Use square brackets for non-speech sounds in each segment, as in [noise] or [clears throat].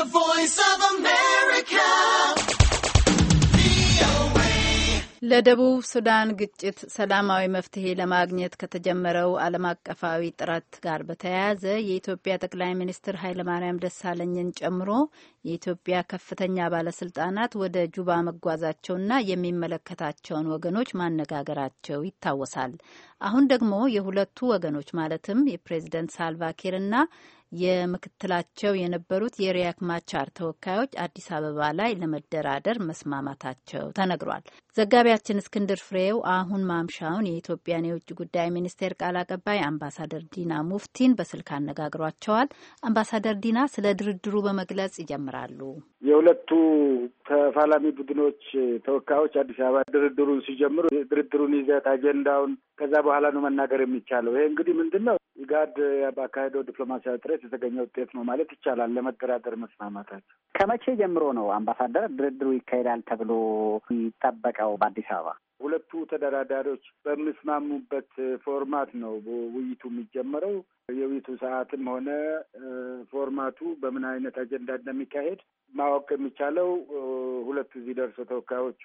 The Voice of America. ለደቡብ ሱዳን ግጭት ሰላማዊ መፍትሄ ለማግኘት ከተጀመረው ዓለም አቀፋዊ ጥረት ጋር በተያያዘ የኢትዮጵያ ጠቅላይ ሚኒስትር ኃይለማርያም ደሳለኝን ጨምሮ የኢትዮጵያ ከፍተኛ ባለስልጣናት ወደ ጁባ መጓዛቸውና የሚመለከታቸውን ወገኖች ማነጋገራቸው ይታወሳል። አሁን ደግሞ የሁለቱ ወገኖች ማለትም የፕሬዝደንት ሳልቫኪርና የምክትላቸው የነበሩት የሪያክ ማቻር ተወካዮች አዲስ አበባ ላይ ለመደራደር መስማማታቸው ተነግሯል። ዘጋቢያችን እስክንድር ፍሬው አሁን ማምሻውን የኢትዮጵያን የውጭ ጉዳይ ሚኒስቴር ቃል አቀባይ አምባሳደር ዲና ሙፍቲን በስልክ አነጋግሯቸዋል። አምባሳደር ዲና ስለ ድርድሩ በመግለጽ ይጀምራሉ። የሁለቱ ተፋላሚ ቡድኖች ተወካዮች አዲስ አበባ ድርድሩን ሲጀምሩ ድርድሩን ይዘት አጀንዳውን ከዛ በኋላ ነው መናገር የሚቻለው። ይሄ እንግዲህ ምንድን ነው ኢጋድ ባካሄደው ዲፕሎማሲያዊ ጥረት በሂደት የተገኘ ውጤት ነው ማለት ይቻላል። ለመደራደር መስማማታቸው ከመቼ ጀምሮ ነው አምባሳደር ድርድሩ ይካሄዳል ተብሎ ይጠበቀው በአዲስ አበባ? ሁለቱ ተደራዳሪዎች በሚስማሙበት ፎርማት ነው ውይይቱ የሚጀመረው። የውይይቱ ሰዓትም ሆነ ፎርማቱ በምን አይነት አጀንዳ እንደሚካሄድ ማወቅ የሚቻለው ሁለቱ እዚህ ደርሰው ተወካዮቹ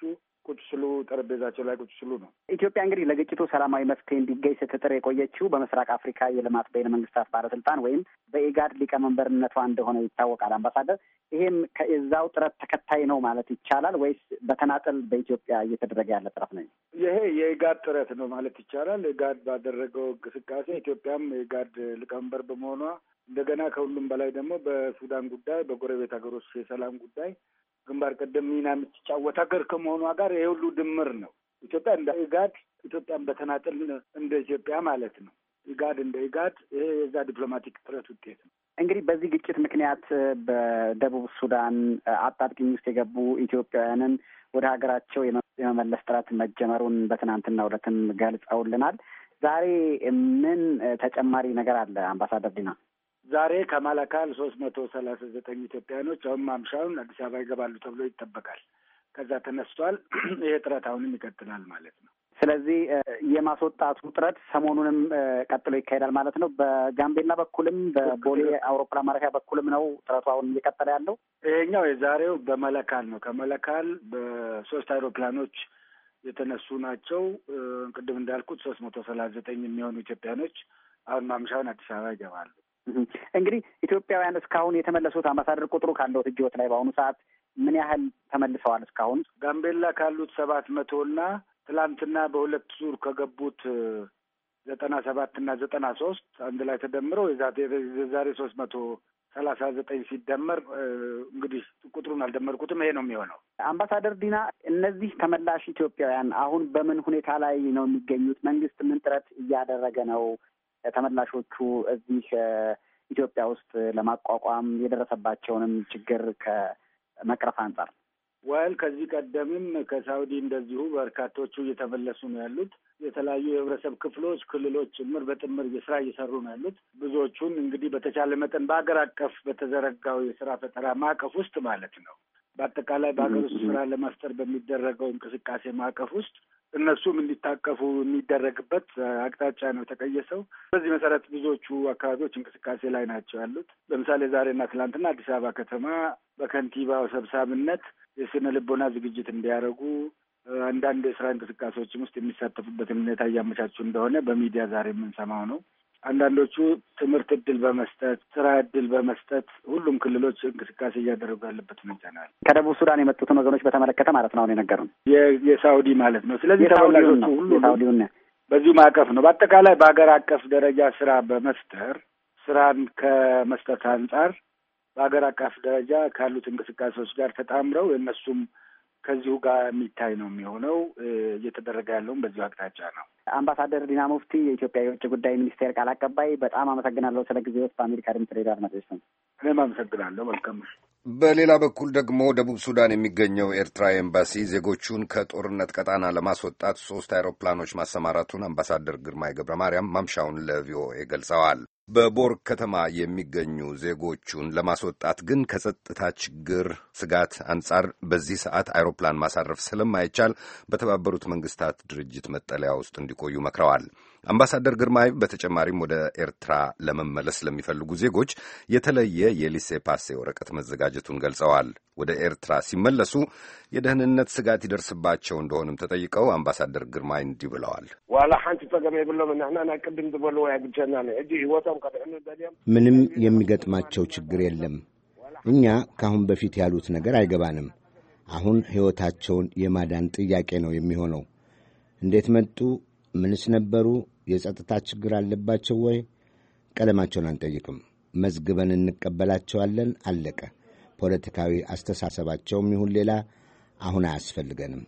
ቁጭ ስሉ ጠረጴዛቸው ላይ ቁጭ ስሉ ነው። ኢትዮጵያ እንግዲህ ለግጭቱ ሰላማዊ መፍትሄ እንዲገኝ ስትጥር የቆየችው በምስራቅ አፍሪካ የልማት በይነ መንግስታት ባለስልጣን ወይም በኢጋድ ሊቀመንበርነቷ እንደሆነ ይታወቃል። አምባሳደር፣ ይሄም ከዛው ጥረት ተከታይ ነው ማለት ይቻላል ወይስ በተናጠል በኢትዮጵያ እየተደረገ ያለ ጥረት ነው? ይሄ የኢጋድ ጥረት ነው ማለት ይቻላል። ኢጋድ ባደረገው እንቅስቃሴ ኢትዮጵያም የኢጋድ ሊቀመንበር በመሆኗ እንደገና ከሁሉም በላይ ደግሞ በሱዳን ጉዳይ፣ በጎረቤት ሀገሮች የሰላም ጉዳይ ግንባር ቀደም ሚና የምትጫወት ሀገር ከመሆኗ ጋር ይሄ ሁሉ ድምር ነው። ኢትዮጵያ እንደ ኢጋድ ኢትዮጵያን በተናጠል እንደ ኢትዮጵያ ማለት ነው። ኢጋድ እንደ ኢጋድ ይሄ የዛ ዲፕሎማቲክ ጥረት ውጤት ነው። እንግዲህ በዚህ ግጭት ምክንያት በደቡብ ሱዳን አጣብቂኝ ውስጥ የገቡ ኢትዮጵያውያንን ወደ ሀገራቸው የመመለስ ጥረት መጀመሩን በትናንትናው ዕለትም ገልጸውልናል። ዛሬ ምን ተጨማሪ ነገር አለ አምባሳደር ዲና? ዛሬ ከማለካል ሶስት መቶ ሰላሳ ዘጠኝ ኢትዮጵያውያኖች አሁን ማምሻውን አዲስ አበባ ይገባሉ ተብሎ ይጠበቃል። ከዛ ተነስቷል። [clears throat] ይሄ ጥረት አሁንም ይቀጥላል ማለት ነው። ስለዚህ የማስወጣቱ ጥረት ሰሞኑንም ቀጥሎ ይካሄዳል ማለት ነው። በጋምቤላ በኩልም በቦሌ አውሮፕላን ማረፊያ በኩልም ነው ጥረቱ አሁን እየቀጠለ ያለው። ይሄኛው የዛሬው በመለካል ነው። ከመለካል በሶስት አይሮፕላኖች የተነሱ ናቸው። ቅድም እንዳልኩት ሶስት መቶ ሰላሳ ዘጠኝ የሚሆኑ ኢትዮጵያኖች አሁን ማምሻውን አዲስ አበባ ይገባሉ። እንግዲህ ኢትዮጵያውያን እስካሁን የተመለሱት አምባሳደር ቁጥሩ ካለዎት እጅዎት ላይ በአሁኑ ሰዓት ምን ያህል ተመልሰዋል? እስካሁን ጋምቤላ ካሉት ሰባት መቶ እና ትላንትና በሁለት ዙር ከገቡት ዘጠና ሰባት እና ዘጠና ሶስት አንድ ላይ ተደምረው የዛሬ ሶስት መቶ ሰላሳ ዘጠኝ ሲደመር እንግዲህ ቁጥሩን አልደመርኩትም። ይሄ ነው የሚሆነው። አምባሳደር ዲና፣ እነዚህ ተመላሽ ኢትዮጵያውያን አሁን በምን ሁኔታ ላይ ነው የሚገኙት? መንግስት ምን ጥረት እያደረገ ነው ተመላሾቹ እዚህ ኢትዮጵያ ውስጥ ለማቋቋም የደረሰባቸውንም ችግር ከመቅረፍ አንጻር ዋይል ከዚህ ቀደምም ከሳውዲ እንደዚሁ በርካቶቹ እየተመለሱ ነው ያሉት። የተለያዩ የህብረተሰብ ክፍሎች፣ ክልሎች ጭምር በጥምር የስራ እየሰሩ ነው ያሉት። ብዙዎቹን እንግዲህ በተቻለ መጠን በሀገር አቀፍ በተዘረጋው የስራ ፈጠራ ማዕቀፍ ውስጥ ማለት ነው በአጠቃላይ በሀገር ውስጥ ስራ ለመፍጠር በሚደረገው እንቅስቃሴ ማዕቀፍ ውስጥ እነሱም እንዲታቀፉ የሚደረግበት አቅጣጫ ነው የተቀየሰው። በዚህ መሰረት ብዙዎቹ አካባቢዎች እንቅስቃሴ ላይ ናቸው ያሉት። ለምሳሌ ዛሬና ትናንትና አዲስ አበባ ከተማ በከንቲባው ሰብሳቢነት የስነ ልቦና ዝግጅት እንዲያደርጉ አንዳንድ የስራ እንቅስቃሴዎችም ውስጥ የሚሳተፉበትን ሁኔታ እያመቻቹ እንደሆነ በሚዲያ ዛሬ የምንሰማው ነው። አንዳንዶቹ ትምህርት እድል በመስጠት ስራ እድል በመስጠት ሁሉም ክልሎች እንቅስቃሴ እያደረጉ ያለበት ሁኔታ ነው ከደቡብ ሱዳን የመጡትን ወገኖች በተመለከተ ማለት ነው አሁን የነገሩን የሳውዲ ማለት ነው። ስለዚህ ተወላጆቹ ሁሉ በዚሁ ማዕቀፍ ነው። በአጠቃላይ በሀገር አቀፍ ደረጃ ስራ በመፍጠር ስራን ከመስጠት አንጻር በሀገር አቀፍ ደረጃ ካሉት እንቅስቃሴዎች ጋር ተጣምረው የእነሱም ከዚሁ ጋር የሚታይ ነው የሚሆነው። እየተደረገ ያለውም በዚሁ አቅጣጫ ነው። አምባሳደር ዲና ሙፍቲ የኢትዮጵያ የውጭ ጉዳይ ሚኒስቴር ቃል አቀባይ፣ በጣም አመሰግናለሁ ስለ ውስጥ በአሜሪካ ድምጽ ሬዲዮ አድማጮች ነው። እኔም አመሰግናለሁ። መልካም በሌላ በኩል ደግሞ ደቡብ ሱዳን የሚገኘው ኤርትራ ኤምባሲ ዜጎቹን ከጦርነት ቀጣና ለማስወጣት ሶስት አይሮፕላኖች ማሰማራቱን አምባሳደር ግርማይ ገብረ ማርያም ማምሻውን ለቪኦኤ ገልጸዋል። በቦር ከተማ የሚገኙ ዜጎቹን ለማስወጣት ግን ከጸጥታ ችግር ስጋት አንጻር በዚህ ሰዓት አይሮፕላን ማሳረፍ ስለማይቻል በተባበሩት መንግስታት ድርጅት መጠለያ ውስጥ እንዲቆዩ መክረዋል። አምባሳደር ግርማይ በተጨማሪም ወደ ኤርትራ ለመመለስ ለሚፈልጉ ዜጎች የተለየ የሊሴ ፓሴ ወረቀት መዘጋጀቱን ገልጸዋል። ወደ ኤርትራ ሲመለሱ የደህንነት ስጋት ይደርስባቸው እንደሆንም ተጠይቀው አምባሳደር ግርማይ እንዲህ ብለዋል። ዋላ ሓንቲ ጸገም የብሎም ንሕና ናይ ቅድም ዝበልዎ ያግጀና ሕጂ ህወቶም ምንም የሚገጥማቸው ችግር የለም። እኛ ከአሁን በፊት ያሉት ነገር አይገባንም። አሁን ሕይወታቸውን የማዳን ጥያቄ ነው የሚሆነው። እንዴት መጡ? ምንስ ነበሩ? የጸጥታ ችግር አለባቸው ወይ? ቀለማቸውን አንጠይቅም። መዝግበን እንቀበላቸዋለን። አለቀ። ፖለቲካዊ አስተሳሰባቸውም ይሁን ሌላ አሁን አያስፈልገንም።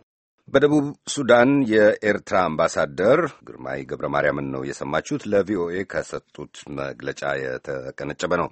በደቡብ ሱዳን የኤርትራ አምባሳደር ግርማይ ገብረ ማርያምን ነው የሰማችሁት። ለቪኦኤ ከሰጡት መግለጫ የተቀነጨበ ነው።